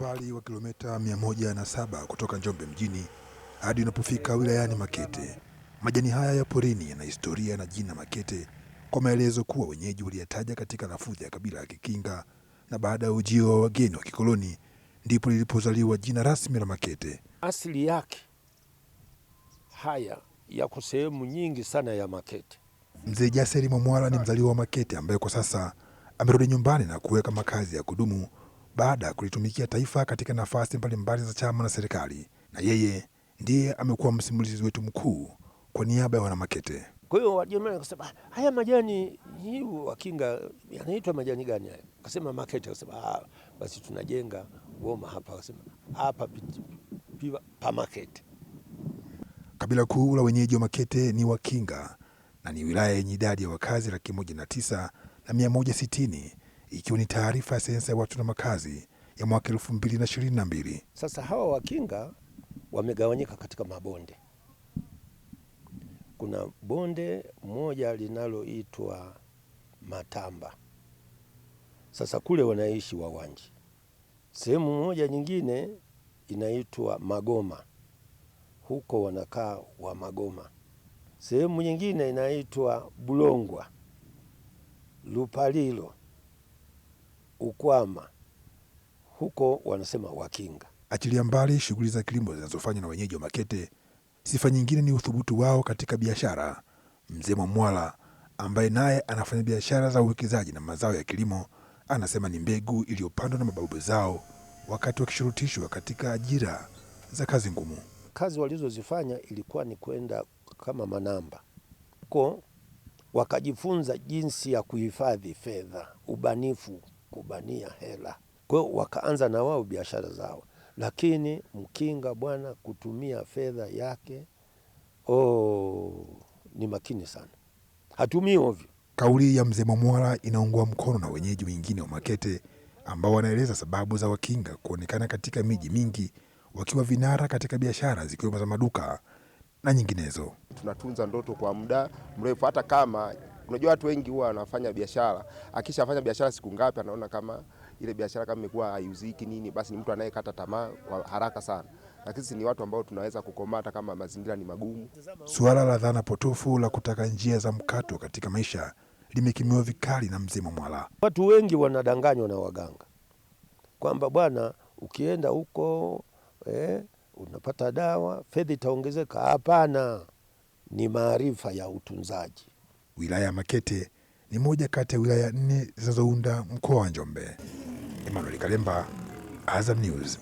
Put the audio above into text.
umbali wa kilomita 107 kutoka Njombe mjini hadi unapofika wilayani Makete. Majani haya ya porini yana historia na jina Makete kwa maelezo kuwa wenyeji waliyataja katika lafudhi ya kabila ya Kikinga na baada ya ujio wa wageni wa kikoloni ndipo lilipozaliwa jina rasmi la Makete. Asili yake haya yako sehemu nyingi sana ya Makete. Mzee Jaseri Mwamwala ni mzaliwa wa Makete ambaye kwa sasa amerudi nyumbani na kuweka makazi ya kudumu baada ya kulitumikia taifa katika nafasi mbalimbali za chama na serikali, na yeye ndiye amekuwa msimulizi wetu mkuu kwa niaba ya wanamakete. Kwa hiyo Wajerumani wakasema haya majani hii wakinga yanaitwa majani gani haya? Akasema makete. Akasema ah, basi tunajenga goma hapa. Akasema hapa piwa pa makete. Kabila kuu la wenyeji wa Makete ni Wakinga na ni wilaya yenye idadi ya wakazi laki moja na tisa na mia moja sitini ikiwa ni taarifa ya sensa ya watu na makazi ya mwaka elfu mbili na ishirini na mbili. Sasa hawa Wakinga wamegawanyika katika mabonde. Kuna bonde moja linaloitwa Matamba, sasa kule wanaishi Wawanji. Sehemu moja nyingine inaitwa Magoma, huko wanakaa wa Magoma. Sehemu nyingine inaitwa Bulongwa Lupalilo ukwama huko wanasema Wakinga. Achilia mbali shughuli za kilimo zinazofanywa na wenyeji wa Makete, sifa nyingine ni uthubutu wao katika biashara. Mzee Mwamwala ambaye naye anafanya biashara za uwekezaji na mazao ya kilimo anasema ni mbegu iliyopandwa na mababu zao wakati wakishurutishwa katika ajira za kazi ngumu. Kazi walizozifanya ilikuwa ni kwenda kama manamba huko, wakajifunza jinsi ya kuhifadhi fedha, ubanifu kubania hela. Kwa hiyo wakaanza na wao biashara zao, lakini Mkinga bwana kutumia fedha yake oh, ni makini sana, hatumii ovyo. Kauli ya mzee Mwamwala inaungwa mkono na wenyeji wengine wa Makete ambao wanaeleza sababu za Wakinga kuonekana katika miji mingi wakiwa vinara katika biashara zikiwemo za maduka na nyinginezo. Tunatunza ndoto kwa muda mrefu hata kama Unajua watu wengi huwa wanafanya biashara, akishafanya biashara siku ngapi anaona kama ile biashara kama imekuwa haiuziki nini, basi ni mtu anayekata tamaa kwa haraka sana, lakini ni watu ambao tunaweza kukomata kama mazingira ni magumu. Suala la dhana potofu la kutaka njia za mkato katika maisha limekimiwa vikali na Mzee mwala Watu wengi wanadanganywa na waganga kwamba bwana, ukienda huko eh, unapata dawa, fedha itaongezeka. Hapana, ni maarifa ya utunzaji. Wilaya ya Makete ni moja kati ya wilaya nne zinazounda mkoa wa Njombe. Emmanuel Kalemba, Azam News.